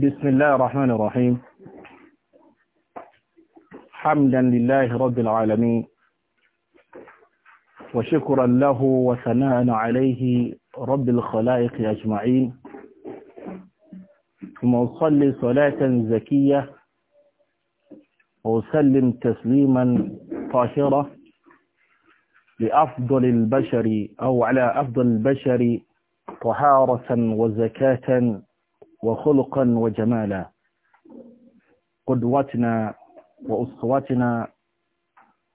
بسم الله الرحمن الرحيم حمدا لله رب العالمين وشكرا له وثناء عليه رب الخلائق أجمعين ثم أصلي صلاة زكية وأسلم تسليما طاهرا لأفضل البشر أو على أفضل البشر طهارة وزكاة وخلقا وجمالا قدوتنا وأسوتنا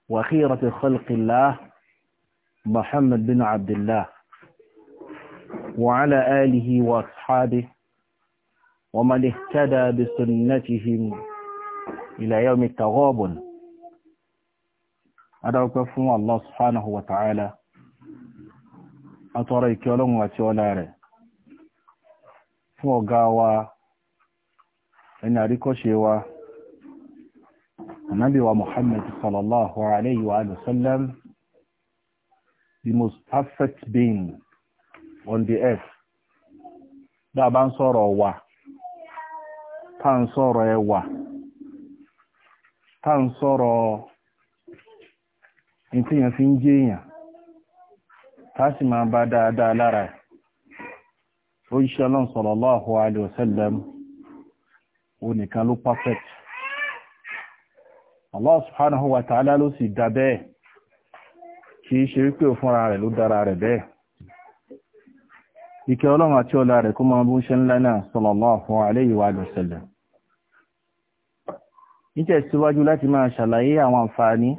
وخيرة خلق الله محمد بن عبد الله وعلى آله وأصحابه ومن اهتدى بسنتهم إلى يوم التغابن أدعوك فهم الله سبحانه وتعالى atọ́rọ ìkẹ́ ọlọ́run àti ọlá rẹ̀ fún ọ̀gá wa ẹni àríkọ́ṣe wa ànábì wa Muhammad sallallahu alayhi wa sallam the most perfect being on the earth dábá ń sọ̀rọ̀ wà tá ń sọ̀rọ̀ ẹwà tá ń sọ̀rọ̀ ìtìyàn fi ń jẹ́yàn tásì máa bá dáadáa lára ó iṣẹ́ ọlọ́run sallallahu alaihi wasallam ó nìkan ló perfect Allah subhanahu wa ta'ala ló sì dá bẹ́ẹ̀ kì í ṣe wípé fúnra rẹ̀ ló dára rẹ̀ bẹ́ẹ̀ ìkẹ́ ọlọ́run àti ọlá rẹ̀ kó máa bú ṣe ńlá náà sallallahu alaihi wasallam nítẹ̀síwájú láti máa ṣàlàyé àwọn àǹfààní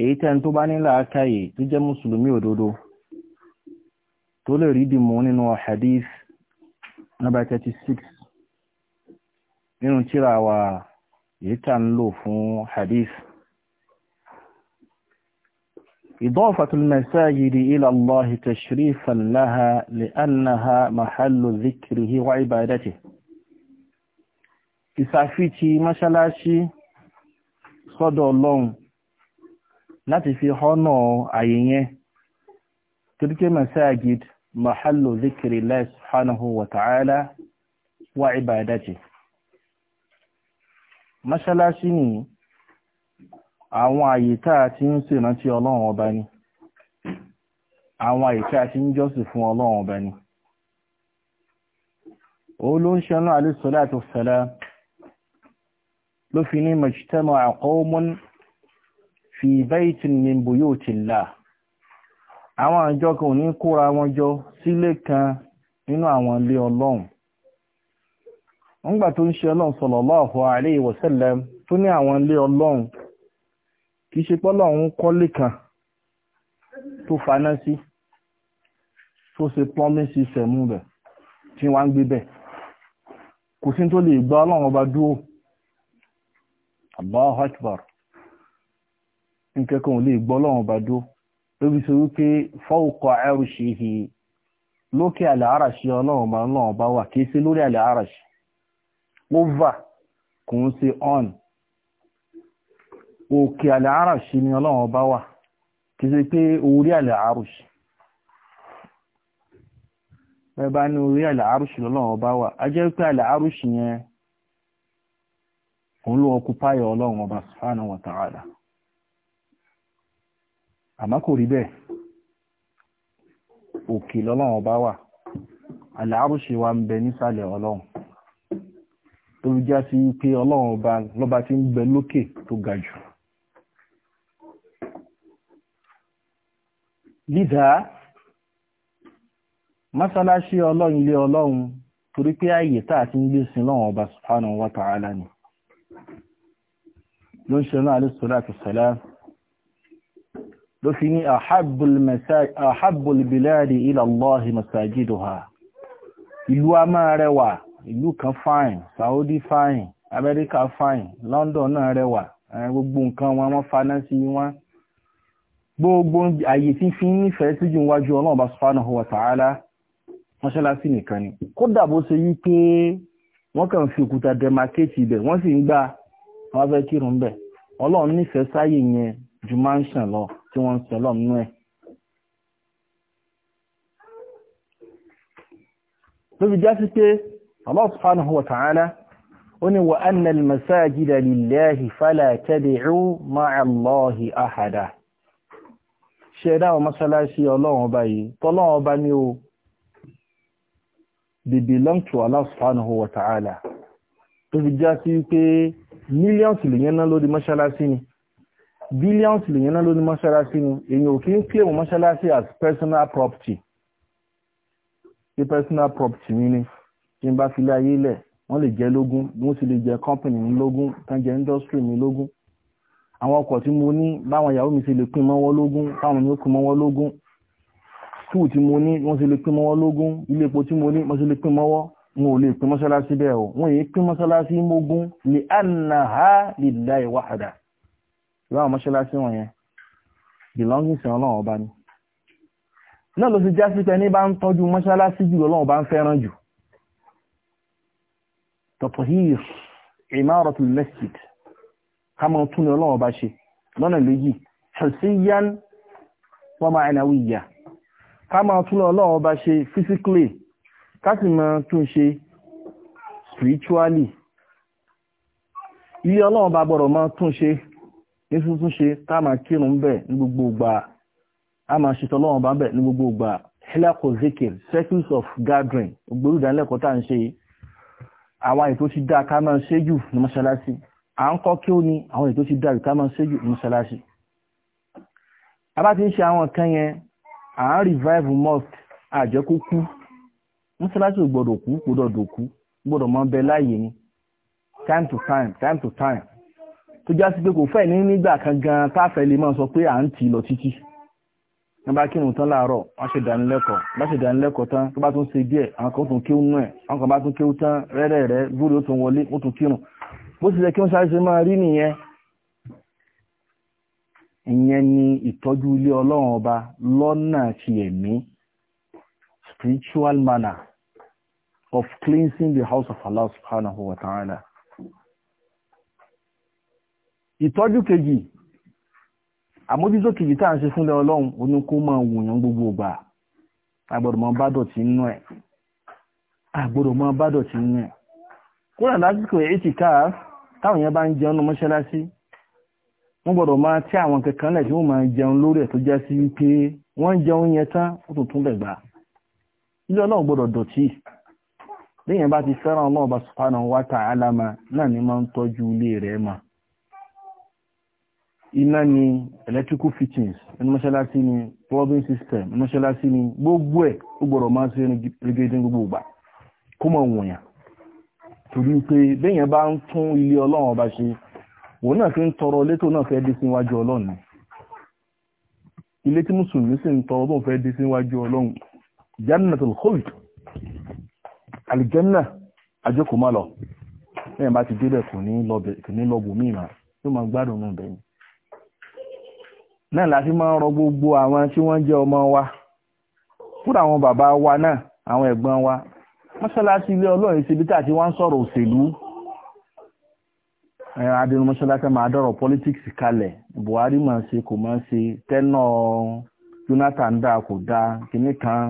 èyí tẹ́ni tó bá nílà ákáyè tó jẹ́ mùsùlùmí òdodo tó lè rí dìmú nínú hadith number 36 nínú tíra wa èyí tà ń lò fún hadith إضافة المساجد إلى الله تشريفا لها لأنها محل ذكره وعبادته ìsàfíti mọ́ṣáláṣí sọ́dọ̀ ọlọ́run láti fi họ́nà àyè yẹn torí pé masajid mahallu zikiri lai subhanahu wa ta'ala wa ibadati mọ́ṣáláṣí ni àwọn àyè tá a ti ń ṣèrántí ọlọ́run ọba ni àwọn àyè tá a ti ń jọ́sìn fún ọlọ́run ọba ni olóńṣẹ́ náà alayhi salatu ló fi ní majtama'a qawmun fi baytin min buyutillah àwọn àjọ kan ò ní kóra wọn jọ sílé kan nínú àwọn ilé ọlọ́run nígbà tó ń ṣe ọlọ́run sallallahu alayhi wa sallam tó ní àwọn ilé ọlọ́run kì í ṣe pọ́lọ́run kọ́lé kan tó faná sí tó ṣe plumbing system bẹ̀ tí wọ́n ń gbé bẹ̀ kò sí tó lè gba ọlọ́run ọba dúró Allahu akbar nǹkan kan ò lè gbọ́ lọ́wọ́n bá dó lóbi sọ wípé fọ́ọ̀kọ̀ ẹrùṣì hì lókè àlẹ́ àràṣì ọlọ́wọ́n bá lọ́wọ́n bá wà kìí ṣe lórí àlẹ́ àràṣì over kò ń ṣe on òkè àlẹ́ àràṣì ni ọlọ́wọ́n bá wà kìí ṣe pé orí àlẹ́ àrùṣì bẹ́ẹ̀ bá ní orí àlẹ́ àrùṣì lọ́wọ́n bá wà á jẹ́ pé àlẹ́ àrùṣì yẹn òun ló ọkùpáyọ̀ ọlọ́wọ́n bá subhanahu wa ta'ala àmọ́ kò rí bẹ́ẹ̀ òkè lọ́lọ́run ọba wà àlàárùṣe wa ń bẹ nísàlẹ̀ ọlọ́run tó fi já sí pé ọlọ́run ọba lọ́ba tí ń bẹ lókè tó ga jù lídà mọ́sálásí ọlọ́run ilé ọlọ́run torí pé ààyè táà ti ń gbé sin lọ́wọ́n ọba subhanahu wa ta'ala ló ń ṣe náà alẹ́ sọ́lá àti sọ́lá ló fi ní ahabbul biladi ila Allahi masajiduha ìlú a máa rẹwà ìlú kan fine Saudi fine America fine London náà rẹwà eh, gbogbo nǹkan wọn wọ́n faná sí wọn gbogbo àyè tí fi ń fẹ́ síjú wájú ọlọ́run bá subhanahu wa ta'ala mọ́ṣáláṣí nìkan ni kódà bó ṣe yí pé wọ́n kàn fi òkúta dẹmakéètì ibẹ̀ wọ́n sì ń gbà wọ́n fẹ́ kírun bẹ̀ ọlọ́run nífẹ̀ẹ́ sáyè yẹn ju máa ń ṣàn lọ tí wọ́n ń sọlọ́m nú ẹ̀. lóbi já sí pé Allah subhanahu wa ta'ala ó ní wa anna al-masajida lillahi fala tad'u ma'a Allahi ahada ṣe dáwọn mọ́sálásí ọlọ́run ọba yìí tọ́lọ́run ní o they belong to Allah subhanahu wa ta'ala tó fi já sí pé millions lèyàn lórí mọ́sálásí ni billions lèyìn náà ló ní mọ́ṣáláṣí ni èyàn ò kí ń claim mọ́ṣáláṣí as personal property ṣé personal property mi ni tí n bá fi lé ayé lẹ̀ wọ́n lè jẹ́ lógún bí wọ́n sì lè jẹ́ company mi lógún tán jẹ́ industry mi lógún àwọn ọkọ̀ tí mo ní báwọn ìyàwó mi ṣe lè pín mọ́wọ́ lógún báwọn mi ó pín mọ́wọ́ lógún school tí mo ní wọ́n ṣe lè pín mọ́wọ́ lógún ilé epo tí mo ní wọ́n ṣe lè pín mọ́wọ́ wọn ò lè pín mọ́ṣáláṣí bẹ́ẹ̀ o wọ́n yìí pín mọ́ṣáláṣí mógún li annaha lillahi ìwé àwọn mọ́ṣáláṣí wọ̀nyẹn belongings ọlọ́run ọba ni náà ló fi já sí pé ní bá ń tọ́jú mọ́ṣáláṣí jù ọlọ́run ọba ń fẹ́ràn jù tọ̀pọ̀hìr imaratul masjid ká máa tún ní ọlọ́run ọba ṣe lọ́nà méjì hissiyan wa ma'nawiyya ká máa tún ní ọlọ́run ọba ṣe physically ká sì máa tún ṣe spiritually ilé ọlọ́run ọba gbọ́dọ̀ máa tún ṣe ní tuntun ṣe tá máa kírun bẹ́ẹ̀ ní gbogbo ìgbà a máa ṣe tọ́lọ́wọ́n bá bẹ́ẹ̀ ní gbogbo ìgbà helako zikir circles of gathering ògbóró ìdánilẹ́kọ̀ọ́ tá à ń ṣe àwọn ètò ti dá ká máa ṣe jù ní mọ́ṣáláṣí à ń kọ́ kí ó ní àwọn ètò ti dá ká máa ṣe jù ní mọ́ṣáláṣí. a bá ti ń ṣe àwọn kan yẹn à ń revive mosque àjẹkó kú mọ́ṣáláṣí ò gbọ́dọ̀ kú kò dọ̀dọ̀ kú gbọ́dọ̀ mọ́ bẹ láàyè ni time to time time to time tó já sí pé kò fẹ́ ní nígbà kan gan táfẹ́ lè máa sọ pé à ń tì lọ títí wọ́n bá kírun tán láàárọ̀ wọ́n ṣe dánilẹ́kọ̀ọ́ bá ṣe dánilẹ́kọ̀ọ́ tán tó bá tún ṣe díẹ̀ àwọn kan tún kéwú nú ẹ̀ àwọn kan bá tún kéwú tán rẹ́rẹ́ rẹ́ gbúdọ̀ tún wọlé ó tún kírun bó ti jẹ́ kí wọ́n sáré ṣe máa rí nìyẹn ìyẹn ni ìtọ́jú ilé ọlọ́run ọba lọ́nà ti ẹ̀mí spiritual manner of cleansing the house of Allah subhanahu wa ta'ala. ìtọ́jú kejì àmójútó kejì tá à ń ṣe fúnlẹ̀ ọlọ́run onú kó máa wùyàn gbogbo ìgbà àgbọ̀dọ̀ máa bá dọ̀tí nínú ẹ̀ àgbọ̀dọ̀ bá dọ̀tí ẹ̀ lásìkò èyí ká táwọn yẹn bá ń jẹun ní mọ́ṣáláṣí wọ́n gbọ́dọ̀ máa tí àwọn kankan lẹ̀ tí wọ́n máa jẹun lórí ẹ̀ tó já sí wípé wọ́n jẹun yẹn tán ó tún tún ilé ọlọ́run gbọ́dọ̀ dọ̀tí léyìn bá ti fẹ́ràn ọlọ́run bá náà ni máa ń tọ́jú ilé rẹ̀ iná ni electrical fittings ẹnu mọ́ṣáláṣí ni plumbing system ẹnu mọ́ṣáláṣí ni gbogbo ẹ̀ ó gbọ́dọ̀ máa ṣe ẹnu gẹ́gẹ́ gbogbo ìgbà kó mọ̀ wọ̀nyà torí pé bẹ́yẹn bá ń tún ilé ọlọ́run ọba ṣe òun náà fi ń tọrọ létò náà fẹ́ dé síwájú ọlọ́run ilé tí mùsùlùmí sì ń tọrọ tó fẹ́ dé síwájú ọlọ́run jannatul khuld aljanna àjẹkùmá lọ bẹ́yẹn bá ti débẹ̀ kò ní lọ bò mà yóò máa gbádùn nù bẹ́yìn náà la fi máa ń rọ gbogbo àwọn tí wọ́n jẹ́ ọmọ wa fúnra àwọn bàbá wa náà àwọn ẹ̀gbọ́n wa mọ́ṣáláṣí ilé ọlọ́run ìṣèlú tí àti wọ́n ń sọ̀rọ̀ òṣèlú adínú mọ́ṣáláṣí máa dọ̀rọ̀ politics kalẹ̀ Buhari máa ṣe kò máa ṣe tẹ́nà Jonathan dáa kò dáa kìíní kan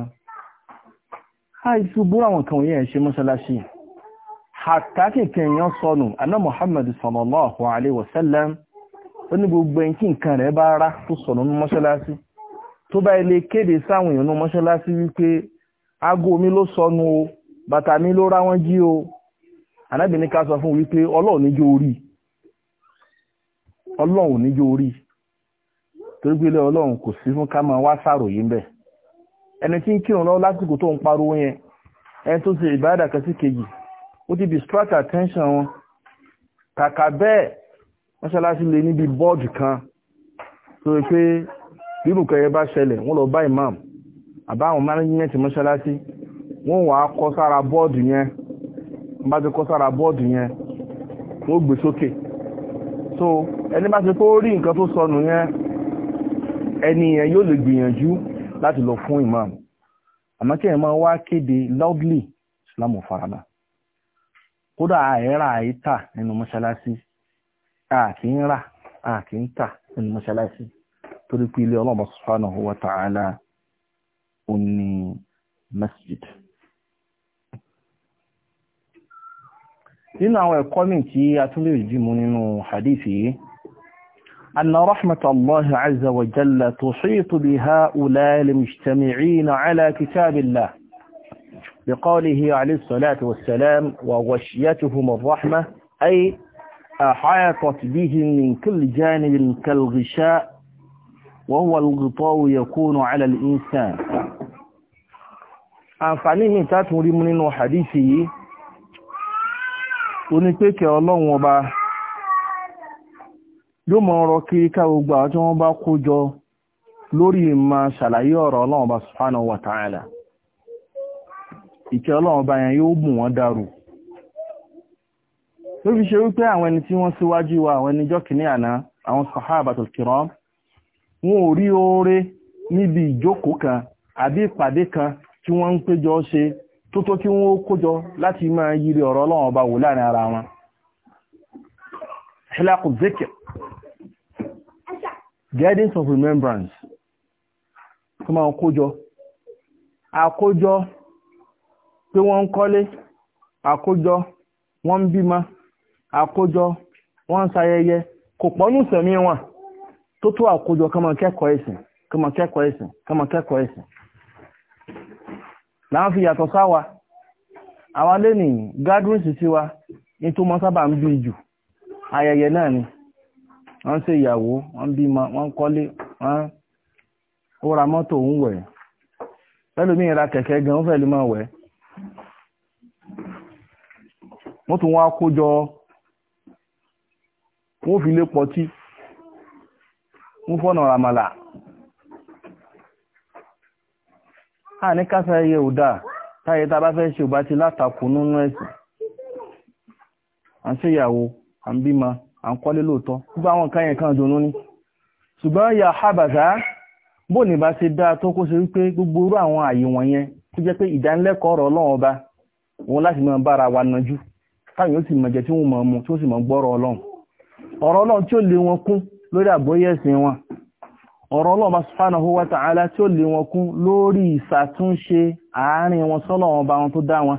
àìsùbú àwọn kan yẹn ṣe mọ́ṣáláṣí hàtàkì kẹ̀yàn sọnù aná Muhammad sallallahu alaihi wasallam ó ní gbogbo ẹni tí nǹkan rẹ̀ bá rá tó sọ̀rọ̀ nínú mọ́ṣáláṣí tó bá ilé kéde sáwọn èèyàn nínú mọ́ṣáláṣí wípé aago mi ló sọnù o bàtà mi ló rá wọ́n jí o ànábì ní ká sọ fún wípé ọlọ́run níjó orí ọlọ́run níjó orí torí pé ilé ọlọ́run kò sí fún ká máa wá sàròyé ń bẹ̀ ẹni tí ń kírun lọ lásìkò tó ń pariwo yẹn ẹni tó ṣe ìbáradà kejì ó ti distract attention wọn kàkà bẹ́ẹ̀ mọ́ṣáláṣí lè níbi bọ́ọ̀dù kan tó rí pé bírù kẹyẹ bá ṣẹlẹ̀ wọ́n lọ bá imam àbá àwọn mánéjìmẹ́ntì mọ́ṣáláṣí wọ́n wà á kọ́ sára bọ́ọ̀dù yẹn wọ́n bá ti kọ́ sára bọ́ọ̀dù yẹn wọ́n gbé sókè so ẹni bá ti tó rí nǹkan tó sọnù yẹn ẹni yẹn yóò lè gbìyànjú láti lọ fún imam àmọ́ kí ẹ̀ máa wá kéde loudly islam farada kódà àìrà àìtà nínú mọ́ṣáláṣí àkì ń rà àkì ń tà nínú mọ́ṣáláṣí torí pé ilé ọlọ́mọ subhanahu wa ta'ala ó ní masjid. nínú àwọn ẹ̀kọ́ mi tí a tún lè jí mú nínú hadith yìí أن رحمة الله عز وجل تحيط بهؤلاء المجتمعين على كتاب الله بقوله عليه الصلاة والسلام وغشيتهم الرحمة أي أحاطت بهم من كل جانب كالغشاء وهو الغطاء يكون على الإنسان àǹfààní mi tá tún rí mú nínú hadisi yìí ó ní pé kẹ́ ọlọ́run ọba yóò mọ ọrọ̀ kiri ká gbogbo àwọn tí wọ́n bá kó jọ lórí ìmọ̀ ṣàlàyé ọ̀rọ̀ ọlọ́run ọba subhanahu wa ta'ala ìkẹ́ ọlọ́run ọba yẹn yóò bù wọ́n dàrú tó fi ṣe wípé àwọn ẹni tí wọ́n síwájú wa àwọn ẹni jọ́kìní àná àwọn sahabatul kiram wọn ò rí oore níbi ìjókòó kan àbí ìpàdé kan tí wọ́n ń péjọ ṣe tó tó kí wọ́n kójọ láti máa yiri ọ̀rọ̀ ọlọ́run ọba wò láàrin ara wọn guidance of remembrance tó máa kójọ àkójọ pé wọ́n ń kọ́lé àkójọ wọ́n ń bímọ àkójọ wọ́n ń sayẹyẹ kò pọ́nú sẹ̀mí wọn tó tó àkójọ kọmọ kẹ́kọ̀ọ́ ẹ̀sìn kọmọ kẹ́kọ̀ọ́ ẹ̀sìn kọmọ kẹ́kọ̀ọ́ ẹ̀sìn fi yàtọ̀ sáwa àwọn alẹ́ ní wa ní tó mọ́ sábà ń bí jù ayẹyẹ náà ni wọn ṣe ìyàwó wọ́n bímọ kọ́lé wọn ra mọ́tò ń wẹ̀ pẹ́lúmí ra kẹ̀kẹ́ gan ó fẹ́ mo tún wá wọ́n fi lé pọtí wọ́n fọ́nà ramala a ní kásá ẹyẹ ò táyẹ fẹ́ ṣe ò bá ti látakò nínú ẹ̀sìn à ń ṣèyàwó à ń à ń kọ́lé gbogbo ṣùgbọ́n ya habàtà bó ní bá ṣe tó gbogbo orú àwọn àyè wọ̀nyẹn tó jẹ́ pé ìdánilẹ́kọ̀ọ́ ọ̀rọ̀ ọba òun láti bára wa nájú táwọn yóò sì mọ̀ jẹ́ tí wọ́n mọ̀ mu tí wọ́n sì mọ̀ gbọ́rọ̀ ọlọ́run ọ̀rọ̀ ọlọ́run tí ó lè wọn kún lórí àgbóyé ẹ̀sìn wọn ọ̀rọ̀ ọlọ́run subhanahu wa alá tí ó lè wọn kún lórí ìsàtúnṣe àárín wọn sọ́lọ̀ bá wọn tó dá wọn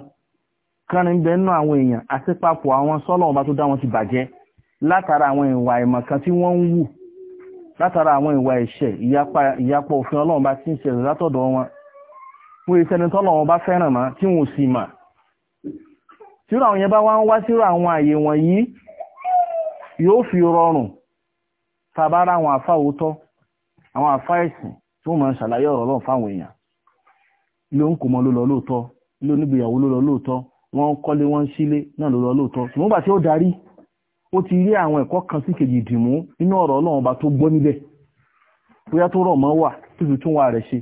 kánrin bẹ́ẹ̀ àwọn èèyàn àti papọ̀ àwọn bá tó dá wọn ti bàjẹ́ látara àwọn ìwà tí wọ́n ń wù látara àwọn ìwà ìṣẹ̀ òfin ọlọ́run bá ti ń ṣẹlẹ̀ látọ̀dọ̀ wọn fún tọ́lọ́run bá fẹ́ràn mọ́ tí sì àwọn yẹn bá wá ń wá àwọn àyè yóò fi rọrùn tàbára àwọn àfá òótọ́ àwọn àfá ẹ̀sìn tí wọ́n máa ń ṣàlàyé ọ̀rọ̀ lọ́n fáwọn èèyàn ilé ń kò mọ́ ló lọ lóòótọ́ ilé onígbèyàwó ló lọ lóòótọ́ wọ́n sílé náà ló kan sí kejì nínú ọ̀rọ̀ tó gbọ́ níbẹ̀ bóyá tó wà tó fi rẹ̀ ṣe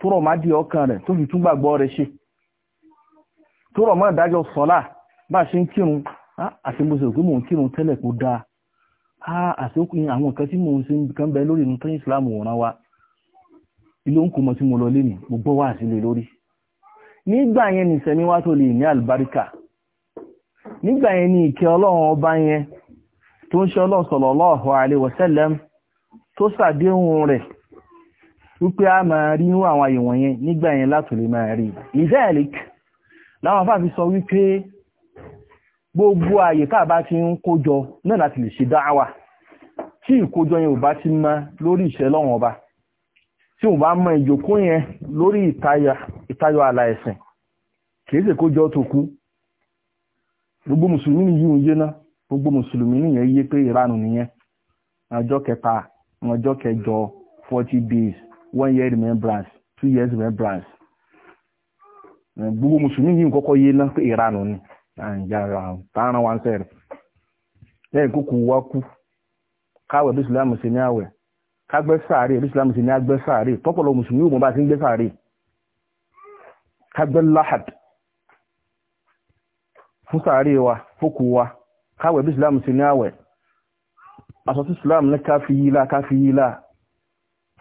tó rọ̀ ọkàn rẹ̀ tó fi tún gbàgbọ́ rẹ̀ ṣe tó rọ̀ mọ́ ìdájọ́ sọ́lá bá ṣe ń kírun àti a àsókùn àwọn nǹkan tí mo ń sin kan bẹ lórí nǹkan ìsìláàmù wọ̀nà wa ilé ń kò mọ̀ tí mo lọ lénìí mo gbọ́ wà sílé lórí nígbà yẹn ni ìsẹ̀mí wá tó lè ní àlùbáríkà nígbà yẹn ni ìkẹ́ ọlọ́run ọba yẹn tó ń ṣe ọlọ́run sallallahu alaihi wasallam tó ṣàdéhùn rẹ̀ wípé a máa rí inú àwọn àyẹ̀wọ̀n yẹn nígbà yẹn látò máa rí ìzẹ́ẹ̀lì láwọn afáàfi sọ wípé gbogbo ààyè tá a bá ti ń kójọ náà láti lè ṣe dáhàwà tí ìkójọ yẹn ò bá ti mọ lórí ìṣẹ́ lọ́wọ́n ọba tí ò bá mọ ìjòkó yẹn lórí ìtayọ àlà ẹ̀sìn kìí ṣe kójọ tó kú gbogbo mùsùlùmí ni yíò yé náà gbogbo mùsùlùmí nìyẹn yé pé ìranù nìyẹn ọjọ́ kẹta ọjọ́ kẹjọ forty days one year remembrance two years remembrance gbogbo mùsùlùmí yìí kọ́kọ́ yé náà pé ìranù ni àǹjára tààrà wọn sẹ́rẹ̀ lẹ́yìn kúkú wá kú káwẹ̀ bí ìsìlámù ṣe ní àwẹ̀ kágbẹ́ sàárè bí ìsìlámù ṣe ní agbẹ́ sàárè tọ́pọ̀lọ mùsùlùmí ò mọ̀ bá ti ń gbé sàárè kágbẹ́ láhàd fún sàárè wa fókù wa káwẹ̀ bí ìsìlámù ṣe ní àwẹ̀ aṣọ tí ìsìlámù ní ká fi yílá ká fi yílá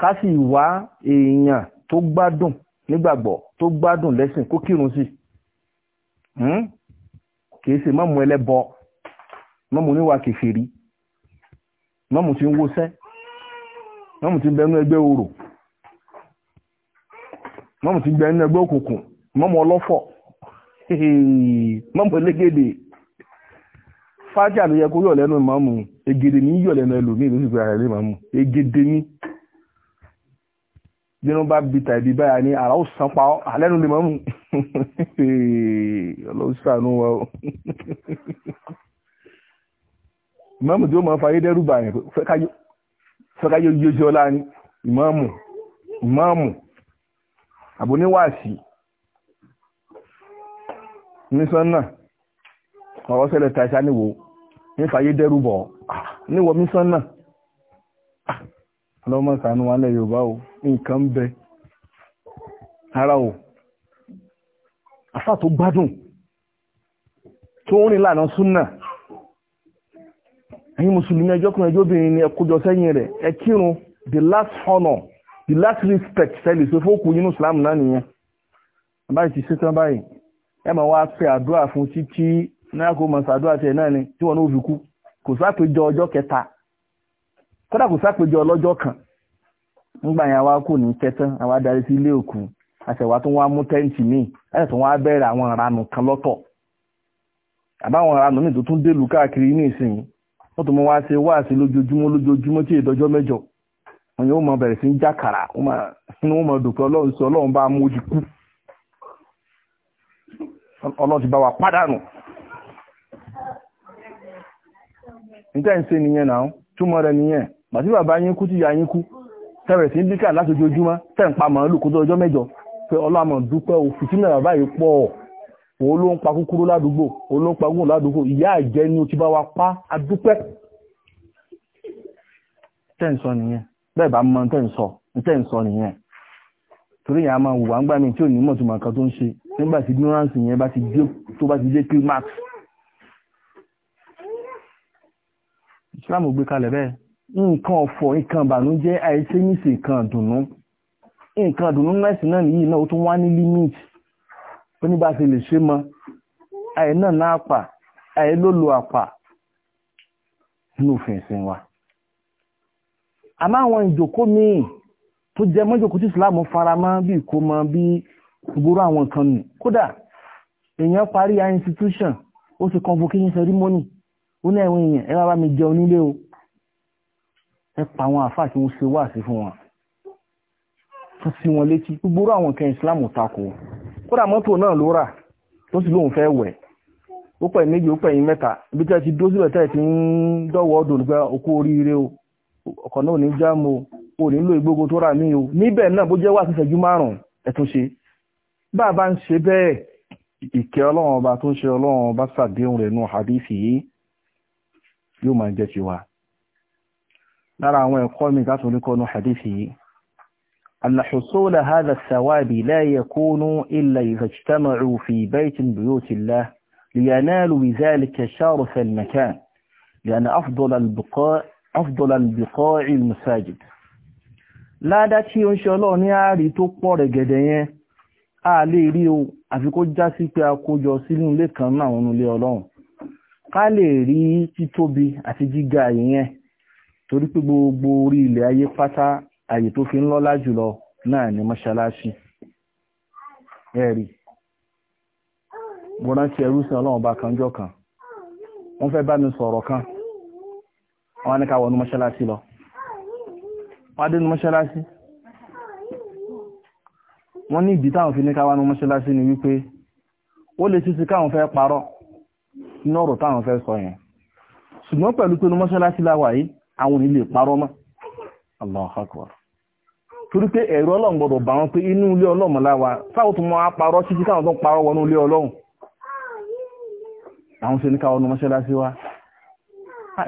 ká sì wá èèyàn tó gbádùn nígbàgbọ́ tó gbádùn lẹ́sìn kó kírun sí hmm? kìí ṣe mọ́mù ẹlẹ́bọ mọ́mù oníwà kèfèrí mọ́mù tí ń wọṣẹ́ mọ́mù tí ń bẹnu ẹgbẹ́ orò mọ́mù tí ń bẹnu ẹgbẹ́ òkùnkùn mọ́mù ọlọ́fọ̀ mọ́mù elégédè fájà ló yẹ kó yọ̀ lẹ́nu mọ́mù egede ní yọ̀ lẹ́nu ẹlòmíì ló sì gbé ara rẹ̀ lé mọ́mù egede ní bínú bá bi tàbí báyà ní àrà ó san pa ọ́ àlẹ́nu lè mọ́mù ọlọ́sàánú wa ó ìmọ̀mù tí ó máa fayé dẹ́rù bàyàn fẹ́káyé yójú ọlá ní ìmọ̀mù ìmọ̀mù àbóníwàásì mísánná ọ̀rọ̀ sẹ́lẹ̀ tàṣà níwò ní fayé dẹ́rù bọ̀ ah, níwọ̀ mísánná ah, ọlọ́mọ ṣàánú wa lẹ́ Yorùbá o. nǹkan bẹ ara o àfà tó gbádùn tó rìn lànà súnà ẹ̀yin mùsùlùmí ẹjọ́kùnrin ẹjọ́ ni ẹkójọ sẹ́yìn rẹ̀ ẹ kírun the last honor the last respect sẹ́lẹ̀ sí fóòkù yínú islam náà nìyẹn ti ṣetán báyìí ẹ máa wá fẹ́ àdúrà fún títí náà kó náà ni tí wọn ò ko kò sápèjọ ọjọ́ kẹta kódà kò sápèjọ ọlọ́jọ́ kan ńgbà yẹn wá kù ní tẹ́tán àwa darí sí ilé òkú àṣẹwà tó wá mú tẹ́ǹtì míì láti tó wá bẹ̀rẹ̀ àwọn ìranù kan lọ́tọ̀ àbáwọn ìranù míì tó tún dèlù káàkiri ní ìsìn wọ́n tó mọ wá ṣe wá sí tí wọn yóò mọ sí jákàrà wọn mọ bá mú ojú kú ti bá wa pàdánù ń tẹ̀rẹ̀ sí díkà láti ojoojúmọ́ tẹ̀ ń pa màálù kó tó ọjọ́ mẹ́jọ pé ọlọ́mọ dúpẹ́ o fìtínà bàbá yìí pọ̀ o ló ń pa kúkúrú ládùúgbò o ló ń pa gùn ládùúgbò ìyá àjẹ́ ni o ti bá wa pa adúpẹ́ tẹ́ ń sọ nìyẹn bẹ́ẹ̀ bá mọ tẹ́ ń sọ tẹ́ ń sọ nìyẹn torí yẹn a máa wùwà ń gbà mí tí ò ní mọ̀ tó mọ̀ nǹkan tó ń ṣe nígbà tí ignorance yẹn bá ti dé tó bá ti dé climax Islam ò gbé kalẹ̀ bẹ́ẹ̀ nǹkan ọ̀fọ̀ nǹkan ìbànújẹ́ àìṣe níṣe nǹkan ìdùnnú nǹkan ìdùnnú mẹ́sìn náà nìyí náà ó tún wá ní limit ó ní bá ṣe lè ṣe mọ àì náà náà àpà àì ló lo àpà nínú òfin ìsìn wa àmọ́ àwọn ìjòkó míì tó jẹ mọ́jòkó tí ìsìláàmù fara mọ́ bí ìkómọ bí gbogbo àwọn nǹkan nù kódà èèyàn parí institution ó ti convocation ceremony ó ní ẹ̀wọ̀n èèyàn ẹ wá bá mi jẹun nílé o ẹ pa àwọn àfáà tí wọ́n ṣe wá sí fún wọn tó sí wọn létí gbogbo àwọn nǹkan Islam tako kódà mọ́tò náà ló rà tó sì lóun fẹ́ wẹ̀ ó pẹ̀ méjì ó pẹ̀yìn mẹ́ta ibi tí ti dó síbẹ̀ tẹ́ẹ̀ ti ń dọ́wọ́ ọdún nípa okó oríire o ọkọ̀ náà ní já mo ò ní lo ìgbógo tó rà mí o níbẹ̀ náà bó jẹ́ wà sí ìṣẹ́jú márùn-ún ẹ̀ tún ṣe bá a bá ń ṣe bẹ́ẹ̀ ìkẹ́ ọlọ́run ọba tó ń ṣe ọlọ́run ọba sàdéhùn rẹ̀ nù hadisi yìí yóò máa jẹ́ tiwa lára àwọn ẹ̀kọ́ mi ká tún rí kọ́nu hadithi yìí أن حصول هذا الثواب لا يكون إلا إذا اجتمعوا في بيت بيوت الله لينالوا بذلك شرف المكان لأن أفضل البقاء أفضل البقاع المساجد لا داتي إن شاء الله نعري تقبر جدين àlè rí o àfi kó já sí pé a kójọ sínú ilé kan náà nínú ilé Ọlọ́run ká lè rí títóbi àti gíga ìyẹn torí pé gbogbo orí ilẹ̀ ayé pátá àyè tó fi ń lọ́lá jùlọ náà ni mọ́ṣáláṣí ẹ̀rí mo rántí ẹrú sí ọlọ́run ọba kan jọ kan wọ́n fẹ́ bá mi sọ̀rọ̀ kan wọ́n á ní ká wọnú mọ́ṣáláṣí lọ wọ́n á dénú mọ́ṣáláṣí wọ́n ní ìdí táwọn fi ní ká wá mọ́ṣáláṣí ni wípé ó lè ṣíṣe káwọn fẹ́ parọ́ nínú ọ̀rọ̀ táwọn fẹ́ sọ yẹn ṣùgbọ́n pẹ̀lú pé ní mọ́ṣáláṣí láwà yìí àwọn ilé parọ́ mọ́ Allahu Akbar torí pé ẹ̀rọ ọlọ́run gbọ́dọ̀ bá wọn pé inú ilé ọlọ́run láwa sáwọn tó máa parọ́ títí káwọn tó parọ́ wọnú ilé ọlọ́run àwọn ṣe ní káwọn ọdún mọ́ṣáláṣí wa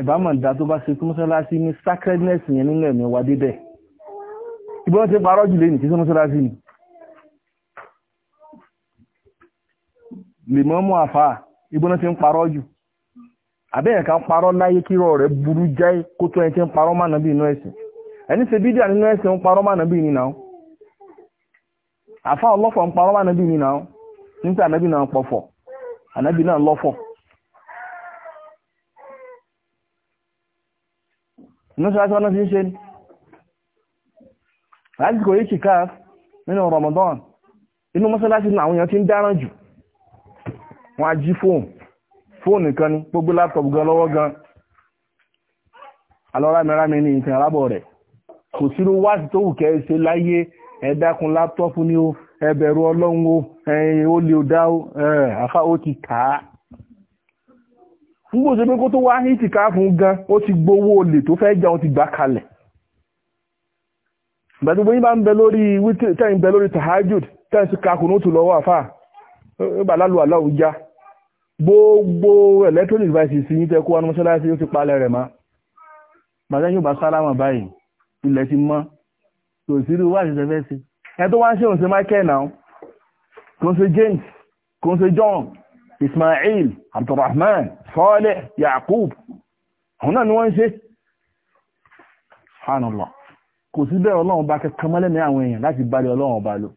ìbámọ̀ ìdá tó bá ṣe tó mọ́ṣáláṣí ní sacredness yẹn nínú ẹ̀mí wa débẹ̀ ibi wọ́n ti parọ́ jù lẹ́yìn kí sí mọ́ṣáláṣí ni lè mú àfáà ibi ti ń parọ́ jù àbẹ́yẹn kan parọ́ láyé kírọ̀ rẹ̀ burú jáì kó tó ẹni tí ń parọ́ mánà bí inú ẹ̀sìn ẹni ṣe bídíà nínú ẹ̀sìn ń parọ́ mánà bí ní náà àfa ọlọ́fọ̀ ń parọ́ mánà bí ní náà níta ànábì náà pọ̀fọ̀ ànábì náà lọ́fọ̀ inú aṣọ náà ti ń Ramadan inú mọ́sálásí náà àwọn èèyàn ti ń dáràn jù wọ́n á fóònù kan ní gbogbo láptọ̀pù gan lọ́wọ́ gan alọ́rámirámi ní ìtàn alábọ̀ rẹ̀ kò sírú wáàsí tó wù kẹ́ ẹ ṣe láyé ẹ dákun láptọ̀pù ní o ẹ bẹ̀rù ọlọ́run o ẹ̀yìn ó lè dá o àfa ó ti kà á fúgbò ṣe pé kó tó wá ní ìtìká fún gan ó ti gbowó olè tó fẹ́ jẹun ti gbà kalẹ̀ bẹ̀tù bóyí bá ń bẹ lórí wítẹ̀ ń bẹ lórí tahajud tẹ́ǹsì kakùn ó tù lọ́wọ́ àfà ó bà lálù àláwùjá gbogbo electronic devices yí tẹ́kọ́ wọn mọ́ṣáláṣí ó ti palẹ̀ rẹ̀ má bàtẹ́ yóò bá sálámà báyìí ilẹ̀ ti mọ́ kò sí irú wáṣẹ̀ tẹ́fẹ́ sí ẹ tó wá ń ṣe òun ṣe Michael náà kò ń ṣe James kò ń ṣe John Ismail Abdulrahman Saleh Yakub àwọn náà ni wọ́n ń ṣe hànàlọ́ kò sí bẹ́ẹ̀ ọlọ́run bá kẹ́kọ́ mọ́lẹ́mí àwọn èèyàn láti balẹ̀ ọlọ́run ọba lò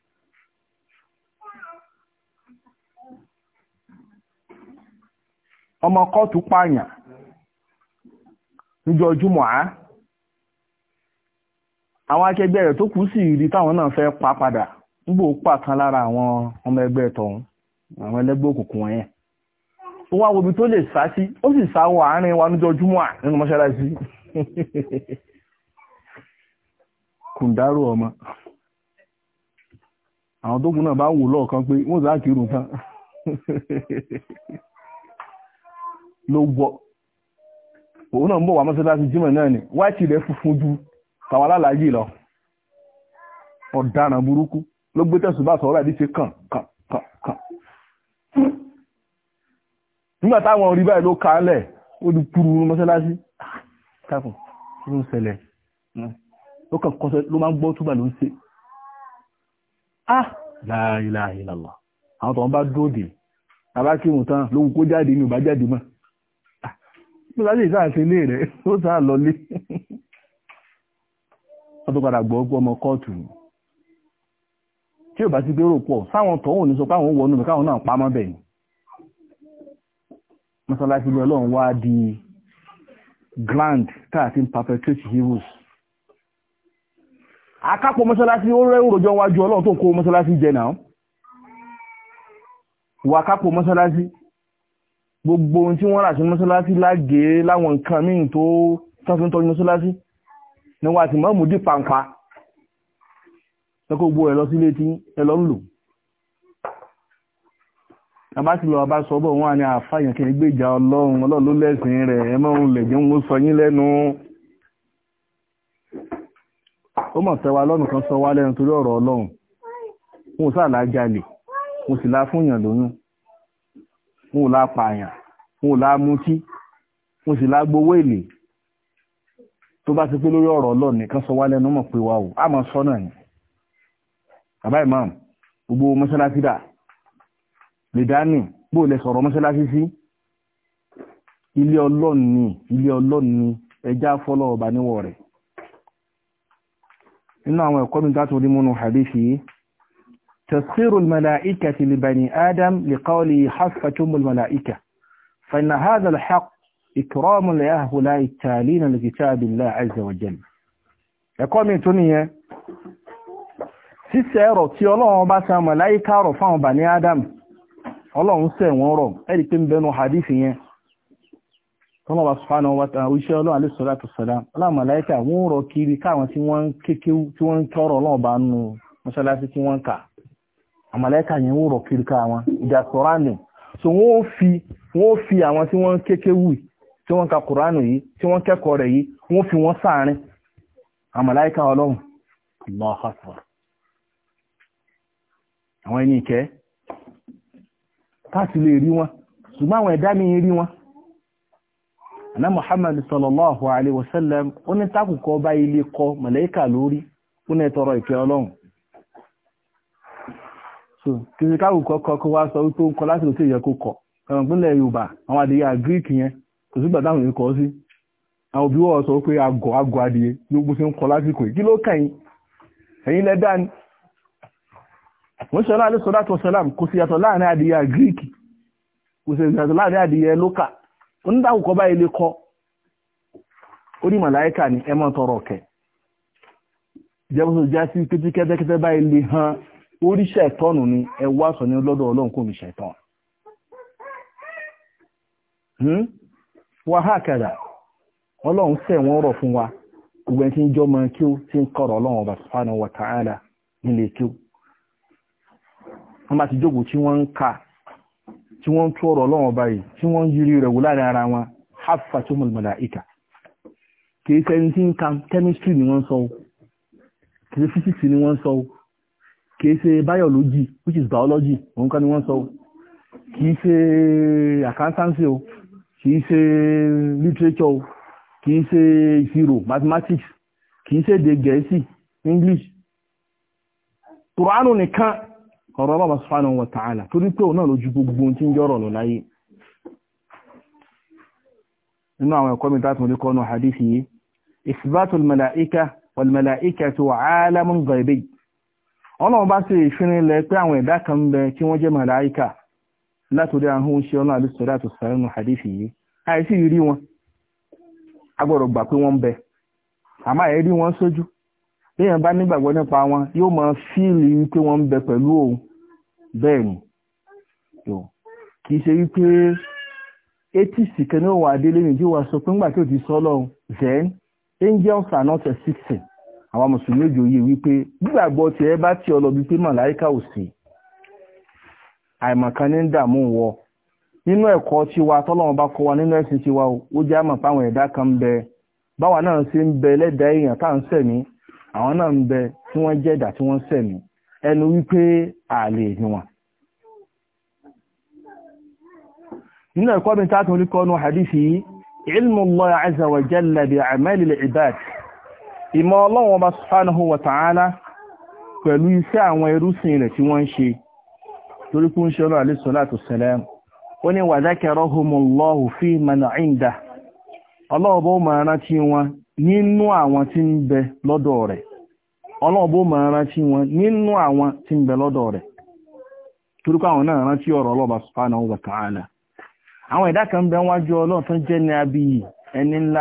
ọmọ kọ́ọ̀tù pààyàn níjọ́ júmọ̀ á àwọn akẹgbẹ́ rẹ̀ tó kù sí ìrí táwọn náà fẹ́ pa padà nígbò pàkan lára àwọn ọmọ ẹgbẹ́ tọ̀hún àwọn ẹlẹ́gbẹ́ òkùnkùn yẹn ó wá wobi tó lè sá sí ó sì sá wọ àárín wa níjọ́ júmọ̀ à nínú mọ́ṣáláṣí kùndárò ọmọ àwọn tó kù náà bá wò lọ́ọ̀kan pé wọ́n sá kírun tán ló wọ òun náà ń bọ̀ wá mọ́sálásí jímọ̀ náà ni wáìtì rẹ̀ funfun ju tàwọn alálàájì lọ ọ̀daràn burúkú ló gbé tẹ̀sùn bá sọ̀rọ̀ àdíṣe kàn kàn kàn kàn nígbà táwọn orí báyìí ló kalẹ̀ ó di kúrú mọ́sálásí ah, káfùn ló ń ṣẹlẹ̀ ó kàn kọ́sẹ̀ ló máa ń gbọ́ túbà ló ń ṣe ah la ilaha illallah àwọn tó ń bá dóde abákíhùn tán ló kó jáde ní ò bá jáde mọ́ bí láti ìsáà ṣe lé rẹ̀ ó sáà lọlé wọ́n tó padà gbọ́ ọgbọ́ ọmọ kóòtù tí ò bá ti gbérò pọ̀ sáwọn tọ́hùn ní sọ pé àwọn wọnú mi káwọn náà pamọ́ bẹ̀ ni mọ́sálásí ilé ọlọ́run wá di grand káàkiri perpetrate heroes akápò mọ́sálásí ó rẹ́ òròjọ wájú ọlọ́run tó ń kó mọ́sálásí jẹ náà wà akápò mọ́sálásí gbogbo ohun tí wọ́n rà sí mọ́sálásí lágé láwọn nǹkan míì tó tọ́fin tọ́jú mọ́sálásí ni wọ́n àti mọ́mù dì pàǹpà lọ́kọ̀ gbogbo ẹ̀ lọ sílé tí ẹ lọ ń lò àbá sì lọ bá sọ bọ̀ wọ́n ní àfàyàn kìí gbèjà ọlọ́run ọlọ́run ló lẹ́sìn rẹ̀ ẹ mọ́ òun lè jẹ́ òun sọ yín lẹ́nu ó mọ̀ tẹ́wa lọ́nà kan sọ wá lẹ́nu torí ọ̀rọ̀ ọlọ́run òun sáà lájalè òun sì lá fúnyàn lóyún wọn ò la pààyàn wọn ò la mutí wọn sì la gbowó èlé tó bá ti pé lórí ọ̀rọ̀ ọlọ́ọ̀ nìkan sọ wá lẹ́nu mọ̀ pé wa o a mọ̀ sọ náà ni bàbá imam gbogbo mọ́sálásí dà lè dání bó lẹ sọ̀rọ̀ mọ́sálásí sí ilé ọlọ́ọ̀ ilé ọlọ́ọ̀ ẹjá fọ́lọ́ ọba níwọ̀ rẹ̀ nínú àwọn ẹ̀kọ́ mi dátò múnú hadisi yìí تسخير الملائكة لبني آدم لقوله حفتم الملائكة فإن هذا الحق إكرام لهؤلاء التالين لكتاب الله عز وجل ẹ̀kọ́ mi tún nìyẹn ṣíṣẹ́ ẹ̀rọ tí ọlọ́run bá san màláíkà rọ̀ fáwọn bàní Adam ọlọ́run sẹ̀ wọ́n rọ̀ ẹ̀rí pé ń bẹnu hadithi yẹn tọ́lọ́ wa sùfàánà oṣẹ́ ọlọ́run alẹ́sọ̀láàtù sọ̀lá ọlọ́run màláíkà wọ́n rọ̀ kiri káwọn tí wọ́n ń kékeré tí wọ́n ń tọrọ ọlọ́run bá nù mọ́ṣáláṣí tí wọ́n ń kà àmàlẹ́kà yẹn wò rọ̀ kiri ká wọn ìjà sọ̀ránì so wọ́n fi wọ́n fi àwọn tí wọ́n kékéwù tí wọ́n ka kùránù yìí tí wọ́n kẹ́kọ̀ọ́ rẹ̀ yìí wọ́n fi wọ́n sáàrin àmàlẹ́kà ọlọ́run Allahu Akbar àwọn ẹni ìkẹ́ táàtì lè rí wọn ṣùgbọ́n àwọn ẹ̀dá mi rí wọn àná Muhammad sallallahu alaihi wasallam ó ní tákùkọ bá ilé kọ màlẹ́kà lórí ó ní ẹ̀tọ́rọ ìkẹ́ so kí ni káwù kọ́kọ́ kó wá sọ wípé ó ń kọ láti lóṣù yẹ kó kọ ẹ̀rọ ìpínlẹ̀ yorùbá àwọn adìyẹ agric yẹn kò sígbà táwọn èèyàn kọ sí àwọn òbí wọ́n sọ pé àgọ̀ àgọ̀ adìyẹ ló gbó sí ń kọ lásìkò yìí kí ló kàn yín ẹ̀yin lẹ́dá ni wọ́n ṣe aláàlẹ́ sọ́dá tó sẹ́lám kò sí yàtọ̀ láàrin adìyẹ agric kò sí yàtọ̀ láàrin adìyẹ lókà onídàkùkọ báyìí lè kọ oríṣẹ́ ìtọ́nù ni ẹ wá sọ ní lọ́dọ̀ ọlọ́run kò ní ṣẹ̀tàn hmm? wàhákàdà ọlọ́run sẹ̀wọ̀n rọ̀ fún wa gbogbo ẹni tí ń jọmọ kí ó ti ń kọ̀rọ̀ ọlọ́run ọba subhanahu wa ta'ala nílé kí ó wọ́n bá ti jókòó ka tí wọ́n ń tú ọ̀rọ̀ ọba yìí tí yiri rẹ̀ wò ara wọn haffatumul malaika kì í ṣe ẹni tí ń ni wọ́n sọ kì kìí ṣe biology which is biology òun kan ni wọ́n sọ kìí ṣe accountancy o kìí ṣe literature o kìí ṣe ìṣirò mathematics kìí ṣe èdè gẹ̀ẹ́sì english Kùránù nìkan ọ̀rọ̀ bàbá subhanahu wa ta'ala torí pé òun náà lójú gbogbo tí ń jọ́rọ̀ lọ láyé nínú àwọn ẹ̀kọ́ mi dáàtùn orí kọ́nù hadithi yìí isbatul mala'ika wal mala'ikatu alamun ghaibi ọlọ́run bá ṣe ìfinilẹ̀ pé àwọn ẹ̀dá kan bẹ kí wọ́n jẹ́ màláíkà látòdé àwọn oúnṣẹ́ ọlọ́run àbí sọ̀rọ̀ àti sọ̀rọ̀ nù hadith yìí àìsí rí wọn a gbọ́dọ̀ gbà pé wọ́n ń bẹ àmọ́ àìrí wọn sójú léèyàn bá nígbàgbọ́ nípa wọn yóò máa fíìlì wípé wọ́n ń bẹ pẹ̀lú òun bẹ́ẹ̀ ni kì í ṣe wípé eighty kan ní òun adélé nìjí wa sọ pé ńgbà tí ò ti sọ ọlọ́run then angels are not a sixteen àwọn mùsùlùmí òjò yìí wípé gbígbàgbọ́ tí ẹ bá tí ọ lọ bí pé màláíkà ò sí àìmọ̀kan ní dààmú wọ nínú ẹ̀kọ́ tiwa tọ́lọ́run bá kọ́ wa nínú ẹ̀sìn tiwa ó jẹ́ àmọ̀ páwọn ẹ̀dá kan ń bẹ báwa náà ṣe ń bẹ lẹ́dàá èèyàn tá à ń sẹ̀mí àwọn náà ń bẹ tí wọ́n jẹ́ ẹ̀dá tí wọ́n sẹ̀mí ẹnu wípé àlè ni wọn. nínú ẹ̀kọ́ mi tá a tún rí kọ́nu hadisi ilmu Allah azza wa jalla bi amali ibad ìmọ̀ ọlọ́run ọba subhanahu wa ta'ala pẹ̀lú iṣẹ́ àwọn ẹrúsìn rẹ̀ tí wọ́n ń ṣe torí kún ṣe ọlọ́run alayhi salatu wassalam ó ní fi man indah ọlọ́run bó máa rántí wọn tí wọn nínú àwọn tí ń bẹ lọ́dọ̀ rẹ̀ torí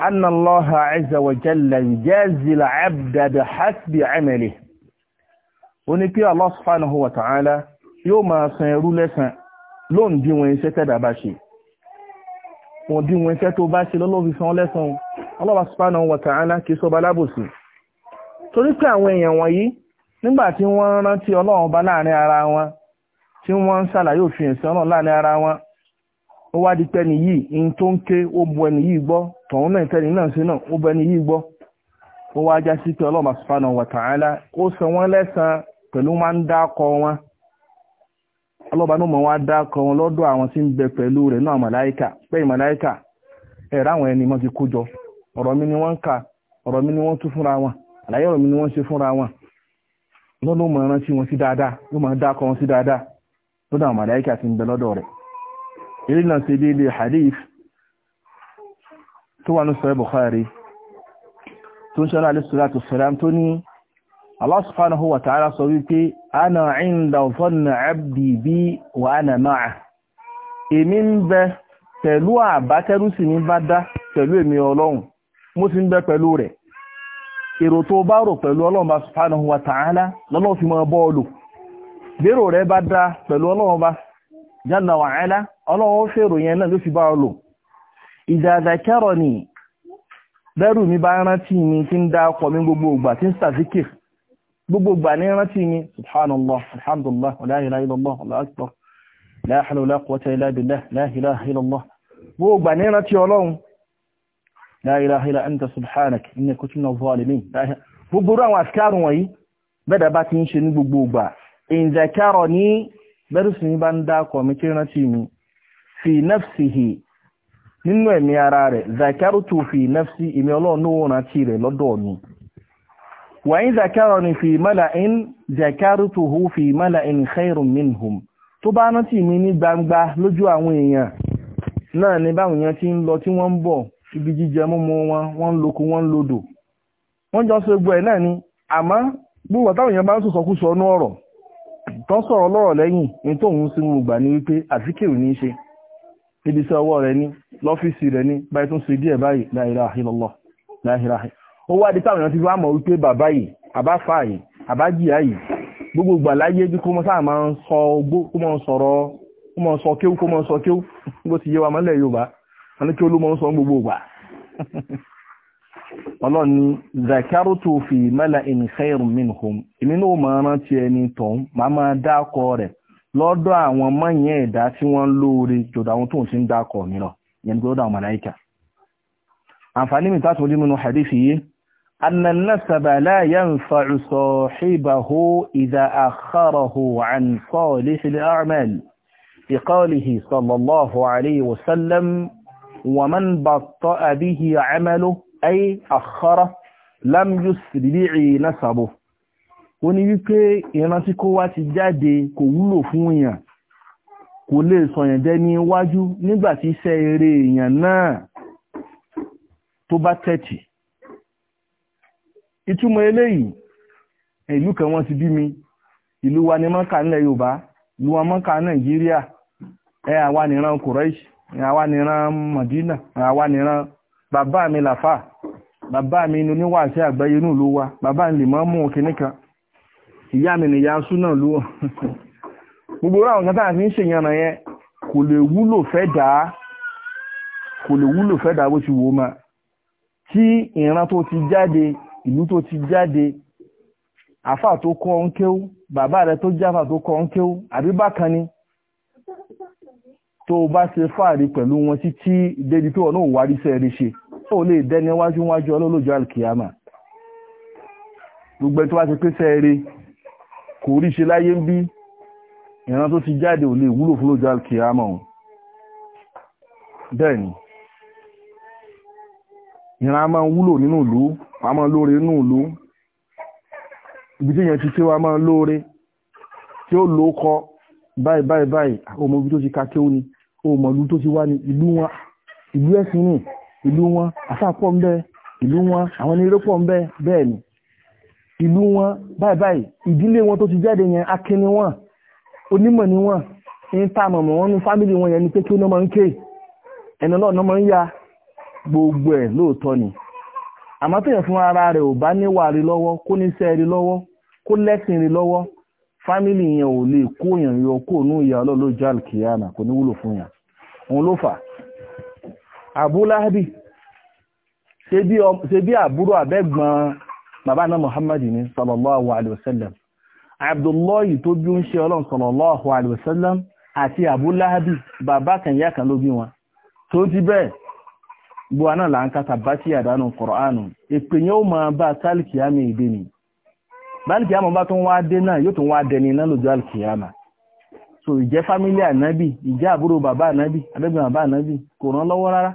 أن الله عز وجل يجازي العبد بحسب عمله ó ní pé Allah subhanahu wa ta'ala yóò máa san ẹrú lẹ́san lóun dí wọn iṣẹ́ tẹ́dà bá ṣe wọn dí wọn iṣẹ́ tó bá ṣe lọ́lọ́fi san lẹ́san Allah subhanahu wa ta'ala kì í sọba lábòsí torí pé àwọn èèyàn wọ̀nyí nígbà tí wọ́n rántí ọlọ́run bá láàrin ara wọn tí wọ́n ń ṣàlàyé òfin ẹ̀sìn ọlọ́run láàrin ara wọn ó wá di pẹ́ni yìí in tó ń ké ó bu ẹni yìí gbọ́ tọ̀hún náà tẹ́ni náà ṣe náà ó bu ẹni yìí gbọ́ ó wá já sí pé ọlọ́mà wa ta'ala ó san wọ́n lẹ́sàn pẹ̀lú máa ń wọn ọlọ́ba náà mọ̀ wọn ka ọ̀rọ̀ mi ni wọ́n tún fúnra wọn àlàyé ọ̀rọ̀ mi ni wọ́n ṣe fúnra wọn lọ́dọ̀ mọ̀ rántí wọn sí dáadáa ló mọ̀ dákọ wọn sí dáadáa lọ́dọ̀ ti ń bẹ lọ́dọ̀ ilé náà ṣe déédéé hadith tó wà ní sọ Bukhari tó ń ṣọ́lá alẹ́sọ́láàtù sọ́lám tó ní Allah wa ta'ala sọ ana inda dhanna abdi wa ana ma'a èmi ń bẹ pẹ̀lú tó bá rò pẹ̀lú wa ta'ala lọ́nà fi mọ́ bọ́ọ̀lù bérò rẹ̀ bá dá ọlọ́wọ́ fèrò yẹn náà ló fi bá ọ lò ìdàdàkẹ́rọ̀ ni bẹ́rù mi bá rántí mi tí ń dá ọkọ̀ mi gbogbo ìgbà tí ń sàzíkìr gbogbo ìgbà ní rántí mi subhanallah alhamdulillah la ilaha illallah allahu akbar la hawla wala quwwata illa billah la ilaha illallah gbogbo ìgbà ní rántí ọlọ́run la ilaha illa anta subhanak inni kuntu minaz zalimin gbogbo àwọn àfikárùn wọ̀nyí dá ọkọ̀ mi fi nafsihi nínú ẹ̀mí ara rẹ̀ zakartu fi nafsi ìmí ọlọ́run ní òun rántí rẹ̀ lọ́dọ̀ mi wa in zakarani fi mala'in zakartuhu fi mala'in khairun minhum tó bá rántí mi ní gbangba lójú àwọn èèyàn náà ni báwọn èèyàn ti ń lọ tí wọ́n ń bọ̀ ibi jíjẹ mímu wọn wọ́n ń loko wọ́n ń lodò wọ́n jọ ṣe gbogbo ẹ̀ náà ni àmọ́ gbogbo táwọn èèyàn bá ń sọ̀sọ́kúsọ ọ̀nà ọ̀rọ̀ tó sọ̀rọ̀ lọ́rọ̀ lẹ́yìn ní tóun sí mu gbà ní wípé àfikèrè ní í níbi iṣẹ́ ọwọ́ rẹ̀ ní lọ́fíìsì rẹ̀ ní báyìí tó ń ṣe díẹ̀ báyìí la ilaha illallah la ilaha ó wá di táwọn èèyàn ti wá mọ̀ wípé bàbá yìí àbáfà yìí àbájìyà yìí gbogbo ìgbà láyé bí kó mọ́ sáà máa ń sọ ogbó kó mọ́ sọ̀rọ̀ kó mọ́ sọ kéwú kó mọ́ sọ ń sọ lọ́dọ̀ àwọn mọ́yìn ẹ̀dá tí wọ́n lóore jòdò àwọn tó ń sí ń dákọ̀ mìíràn yẹn gbọ́dọ̀ àwọn màláíkà àǹfààní mi tààtù orí nínú hadithi yìí anna nasaba la yanfa'u sahibahu idha akharahu an salihil a'mal biqawlihi sallallahu alayhi wa sallam wa man batta'a bihi 'amaluhu ay akhara lam yusri'i nasabuhu ó ní wípé ìran tí kó wá ti jáde kò wúlò fún èèyàn kò lè sọ̀yàn jẹ́ ní iwájú nígbà tí iṣẹ́ eré èèyàn náà tó bá tẹ̀tì ìtumọ̀ eléyìí ìlú kan wọ́n ti bí mi ìlú wa ni mọ́kà nílẹ̀ Yorùbá ìlú wa mọ́kà Nàìjíríà ẹ àwa nìran Kùrẹ́ṣì àwa nìran Mọ̀dínà àwa nìran bàbá mi làfà bàbá mi ní oníwàásí àgbáyé inú ìlú wa bàbá mi lè mọ́ mú kinní kan ìyá mi nìyá súnà ló gbogbo àwọn kan tá à ń fi ń ṣèyànnà yẹn kò lè wúlò fẹ́ dàá kò lè wúlò fẹ́ dàá bó ti wò ó máa tí ìran tó ti jáde ìlú tó ti jáde àfà tó kọ́ ń kéwú bàbá rẹ tó jáfà tó kọ́ ń kéwú àbí bákan ni tó bá ṣe fáàrí pẹ̀lú wọn títí débi pé ọ̀nà òwárí sẹ́ rí ṣe ó lè dẹ́ni wájú wájú ọlọ́lọ́jọ́ alkiyama gbogbo ẹ̀ tó wá ti pèsè rí kò rí ṣe láyé ń bí ìran tó ti jáde ò lè wúlò fún lójú alkiyama ohun bẹ́ẹ̀ni ìran a máa wúlò nínú ìlú a máa lóore nínú ìlú ibi tí èèyàn ti tí wa máa lóore tí ó ló kọ báyìí báyìí báyìí ọmọ ibi tó ti kàkẹ́ òní ọmọ ìlú tó ti wá ní ìlú wọn ìlú ẹ̀sìn ní ìlú wọn àṣà pọ̀ ń bẹ ìlú wọn àwọn eléré pọ̀ ń bẹ bẹ́ẹ̀ ni ìlú wọn báyìí báyìí ìdílé wọn tó ti jáde yẹn akin ni wọn onímọ̀ ni wọn ń ta àmọ̀mọ̀ wọn ní fámìlì wọn yẹn ni pé kí wọn máa ń ké ẹ̀nà náà máa ń ya gbogbo ẹ̀ lóòótọ́ ni àmọ́ tẹ̀yẹ̀ fún ara rẹ̀ ò bá níwà rí lọ́wọ́ kó níṣẹ́ rí lọ́wọ́ kó lẹ́sìn rí lọ́wọ́ fámìlì yẹn ò lè kó yàn yọ kó nú ìyá ọlọ́lọ́jọ́ àlùkìyàmà kò ní wúlò fún yàn òun ló fà Abu Lahabi àbúrò àbẹ́gbọ́n bàbá náà Muhammad ní sallallahu alayhi wa sallam Abdullahi tó bí ó ń ṣe ọlọ́run sallallahu alayhi wa sallam àti Abu Lahabi bàbá kan yá kan ló bí wọn tó ti bẹ́ẹ̀ gbọ́ náà là ń kàtà bá sí àdánù Kọ̀rọ̀ánù ìpè yóò máa bá tálìkì àmì ìdè ni báńkì àmọ́ bá tó ń wá dé náà yóò tó ń wá dẹni náà so ìjẹ́ fámílì ànábì ìjẹ́ àbúrò bàbá ànábì abẹ́gbẹ̀ bàbá ànábì kò ràn lọ́wọ́ rárá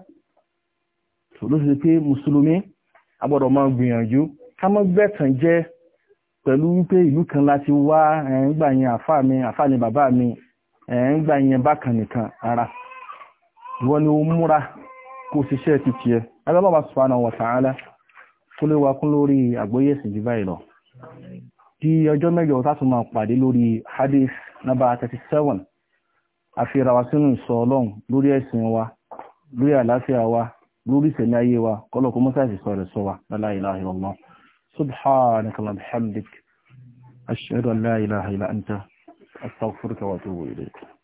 so ló ṣe pé mùsùlùmí a máa gbìyànjú ká mọ́ bẹ̀tàn jẹ́ pẹ̀lú wípé ìlú kan láti wá ẹ̀ǹgbà yẹn àfà mi àfà ni bàbá mi ẹ̀ǹgbà yẹn bákan nìkan ara ìwọ ni ó múra kó ṣiṣẹ́ ti tiẹ̀ alábàbà subhanahu wa ta'ala kó lè wá kún lórí àgbóyèsí jù báyìí lọ di ọjọ́ mẹ́jọ tá tún máa pàdé lórí hadith nọ́mbà 37 àfihàn wa sínú ìsọ ọlọ́run lórí ẹ̀sìn wa lórí àlàáfíà wa lórí ìṣẹ̀lẹ̀ ayé wa kọ́lọ̀kọ́ mọ́sáàsì sọ sọ wa la ilaha illallah سبحانك اللهم بحمدك أشهد أن لا إله إلا أنت أستغفرك وأتوب إليك